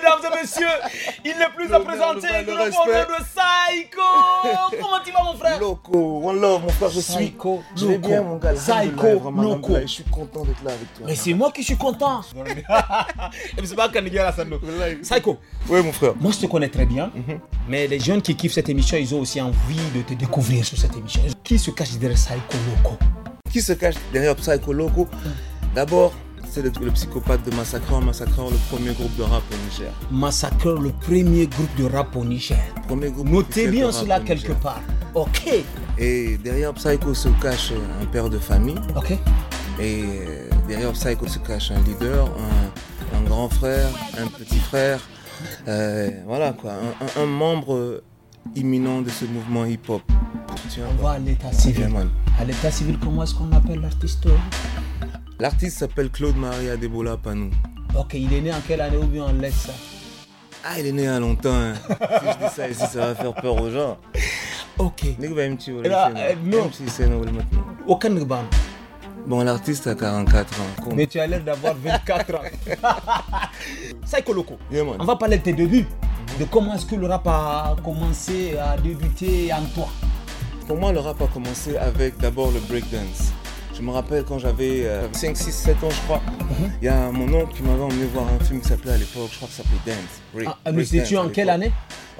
mesdames et messieurs, il n'est plus à présenter le, le de Psycho. Comment tu vas, mon frère Loco, one love, mon frère, je suis. Psycho, je vais bien, mon gars. Psycho, Loco. Je suis content d'être là avec toi. Mais c'est moi qui suis content. Psycho. Oui, mon frère. Moi, je te connais très bien, mhm. mais les jeunes qui kiffent cette émission, ils ont aussi envie de te découvrir sur cette émission. Qui se cache derrière Psycho Loco Qui se cache derrière Psycho Loco D'abord, le, psychopathe de Massacre en le premier groupe de rap au Niger. Massacre le premier groupe de rap au Niger. Notez bien cela quelque part. Ok. Et derrière Psycho se cache un père de famille. Ok. Et derrière Psycho se cache un leader, un, grand frère, un petit frère. Euh, voilà quoi, un, membre imminent de ce mouvement hip-hop. On va à l'état civil. À l'état civil, comment est-ce qu'on appelle l'artiste L'artiste s'appelle Claude Maria Debola Panou. Ok, il est né en quelle année ou bien on laisse ça Ah, il est né il y a longtemps. Hein. si je dis ça ici, ça va faire peur aux gens. Ok. Aucun Bon, l'artiste a 44 ans. Mais tu as l'air d'avoir 24 ans. Psycho Loco, on va parler de tes débuts. De comment est-ce que le rap a commencé à débuter en toi Pour moi, le rap a commencé avec d'abord le breakdance. Je me rappelle quand j'avais 5, 6, 7 ans, je crois, mhm. il y a mon oncle qui m'avait emmené voir un film qui s'appelait à l'époque, je crois que ça s'appelait Dance. Ah, mais c'était tu en quelle année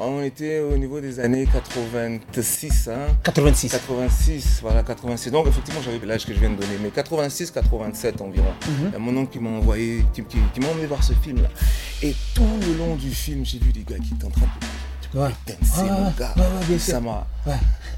ah, on était au niveau des années 86. 86. 86, voilà, 86. Donc, effectivement, j'avais l'âge que je viens de donner, mais 86, 87 environ. Mhm. Il y a mon oncle qui m'a envoyé, qui, m'a emmené voir ce film-là. Et tout le long du film, j'ai vu des gars qui étaient en train de ah,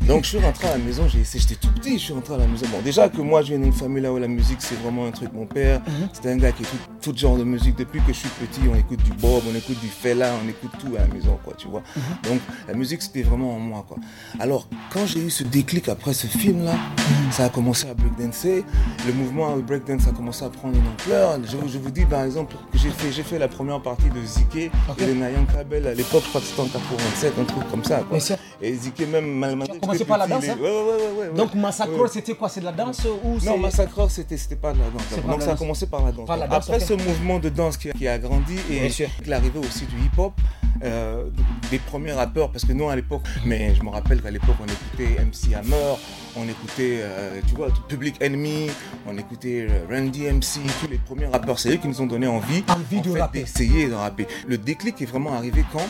Donc je suis rentré à la maison, j'ai j'étais tout petit, je suis rentré à la maison. Bon, déjà que moi je viens d'une famille là où la musique c'est vraiment un truc, mon père, mhm. c'était un gars qui écoute tout genre de musique. Depuis que je suis petit, on écoute du Bob, on écoute du fella, on écoute tout à la maison, quoi, tu vois. Mhm. Donc la musique c'était vraiment en moi, quoi. Alors quand j'ai eu ce déclic après ce film là, mhm. ça a commencé à breakdancer, le mouvement breakdance a commencé à prendre une ampleur. Je, vous dis par exemple que j'ai fait, fait la première partie de Ziké et de Nayan Kabel, à l'époque je crois que c'était en on un comme ça. Quoi. Et Ziké, même mal. Tu commencé par la danse hein Donc Massacre, c'était quoi C'est de la danse ou Non, Massacre, c'était pas de la danse. Donc ça a commencé par la danse. Après ce mouvement de danse qui a grandi et avec l'arrivée aussi du hip-hop, euh, des premiers rappeurs, parce que nous à l'époque, mais je me rappelle qu'à l'époque on écoutait MC Hammer, on écoutait, euh, tu vois, Public Enemy, on écoutait euh, Randy MC, tous les premiers rappeurs, c'est eux qui nous ont donné envie, envie d'essayer de rapper. Le déclic est vraiment arrivé quand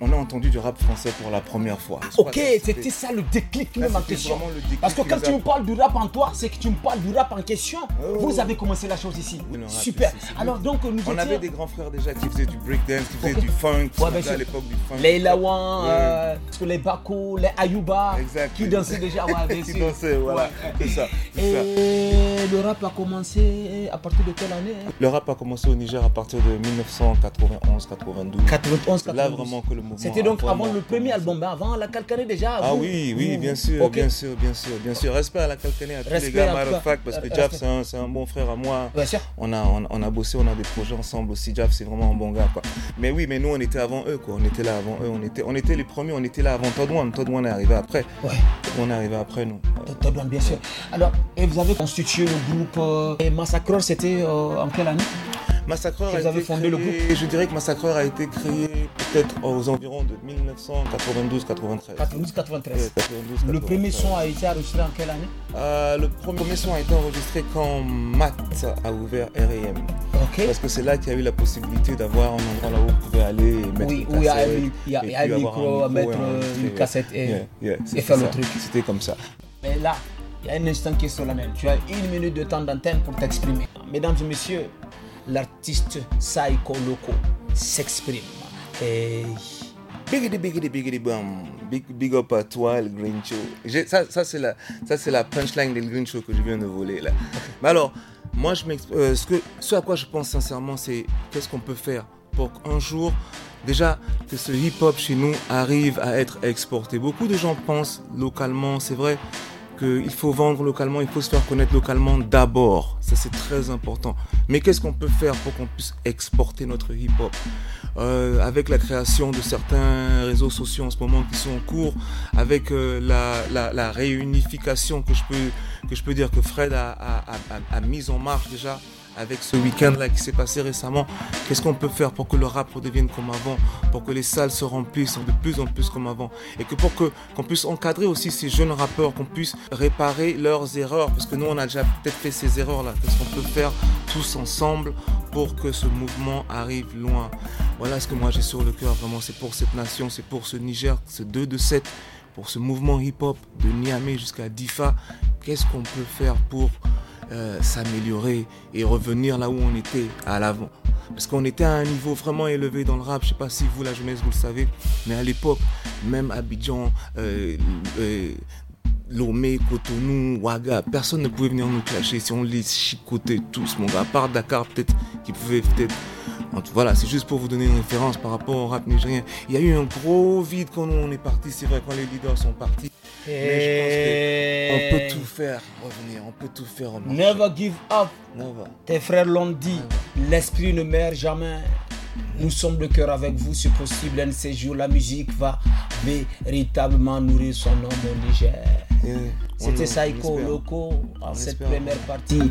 on a entendu du rap français pour la première fois. ok, c'était ça le déclic ah, même en question. Parce que quand tu me parles du rap en toi, c'est que tu me parles du rap en question. Oh. Vous avez commencé la chose ici. Super. Alors donc nous On avait des grands frères déjà qui faisaient du breakdance, qui faisaient du funk, ouais, à l'époque du funk. Les euh, Lawans, euh, les Bakou, les Ayuba, qui dansaient déjà. Ouais, qui dansaient, voilà. C'est ça. Et le rap a commencé à partir de quelle année Le rap a commencé au Niger à partir de 1991-92. 91 Là vraiment que le mouvement. C'était donc avant le premier album, avant la Calcanée déjà. Ah oui, oui, bien sûr, bien sûr, bien sûr, bien sûr. Respect à la Calcanée, à tous les gars, parce que euh, Jaff, c'est un, bon frère à moi. Bien sûr. On a, on, a bossé, on a des projets ensemble aussi. Jaff, c'est vraiment un bon gars, quoi. Mais oui, mais nous, on était eux, quoi. On était là avant eux, on était, on était les premiers, on était là avant Todd One. est arrivé après. Ouais. On est arrivé après, nous. Todd bien sûr. Alors, et vous avez constitué le groupe euh, et Massacreur, c'était euh, en quelle année Massacreur vous avez fondé le groupe Je dirais que Massacreur a été créé peut-être aux environs de 1992-93. 92-93. le premier son a été enregistré en quelle année euh, Le premier son a été enregistré quand Matt a ouvert R&M. E parce que c'est là qu'il y a eu la possibilité d'avoir un endroit là où on pouvait aller et mettre oui, cassette. il y micro, mettre et une euh, cassette et, faire le truc. C'était comme ça. Mais là, il y a un instant qui est solennel. Tu as une minute de temps d'antenne pour t'exprimer. Mesdames et messieurs, l'artiste Saiko Loco s'exprime. Et... bam. Big, big up à toi, le Green Show. Ça, c'est la, la punchline des Green Show que je viens de voler. là. Mais alors, moi, je euh, ce à quoi je pense sincèrement, c'est qu'est-ce qu'on peut faire pour qu'un jour, déjà, que ce hip-hop chez nous arrive à être exporté. Beaucoup de gens pensent localement, c'est vrai, il faut vendre localement, il faut se faire connaître localement d'abord. Ça, c'est très important. Mais qu'est-ce qu'on peut faire pour qu'on puisse exporter notre hip-hop euh, Avec la création de certains réseaux sociaux en ce moment qui sont en cours, avec euh, la, réunification que je peux, que je peux dire que Fred a, a mise en marche déjà avec ce week-end-là qui s'est passé récemment. Qu'est-ce qu'on peut faire pour que le rap redevienne comme avant, pour que les salles se remplissent de plus en plus comme avant, et que pour que qu'on puisse encadrer aussi ces jeunes rappeurs, qu'on puisse réparer leurs erreurs, parce que nous on a déjà peut-être fait ces erreurs-là. Qu'est-ce qu'on peut faire tous ensemble pour que ce mouvement arrive loin Voilà ce que moi j'ai sur le cœur. Vraiment, c'est pour cette nation, c'est pour ce Niger, ce 2 de 7 pour ce mouvement hip-hop de Niamey jusqu'à Difa, qu'est-ce qu'on peut faire pour euh, s'améliorer et revenir là où on était à l'avant. Parce qu'on était à un niveau vraiment élevé dans le rap. Je sais pas si vous, la jeunesse, vous le savez, mais à l'époque, même Abidjan, euh, euh, Lomé, Cotonou, Ouaga, personne ne pouvait venir nous clasher si on les chicotait tous, mon gars. À part Dakar, peut-être, qui pouvait peut-être. Voilà, c'est juste pour vous donner une référence par rapport au rap nigérien. Il y a eu un gros vide quand on est parti. C'est vrai, quand les leaders sont partis. On Mais peut tout faire revenir, on peut tout faire Never give up. Tes frères l'ont dit, l'esprit ne meurt jamais. Nous sommes de cœur avec vous, si possible, un de ces jours, la musique va véritablement nourrir son homme au Niger. Eh, C'était Saiko Loco en cette première partie.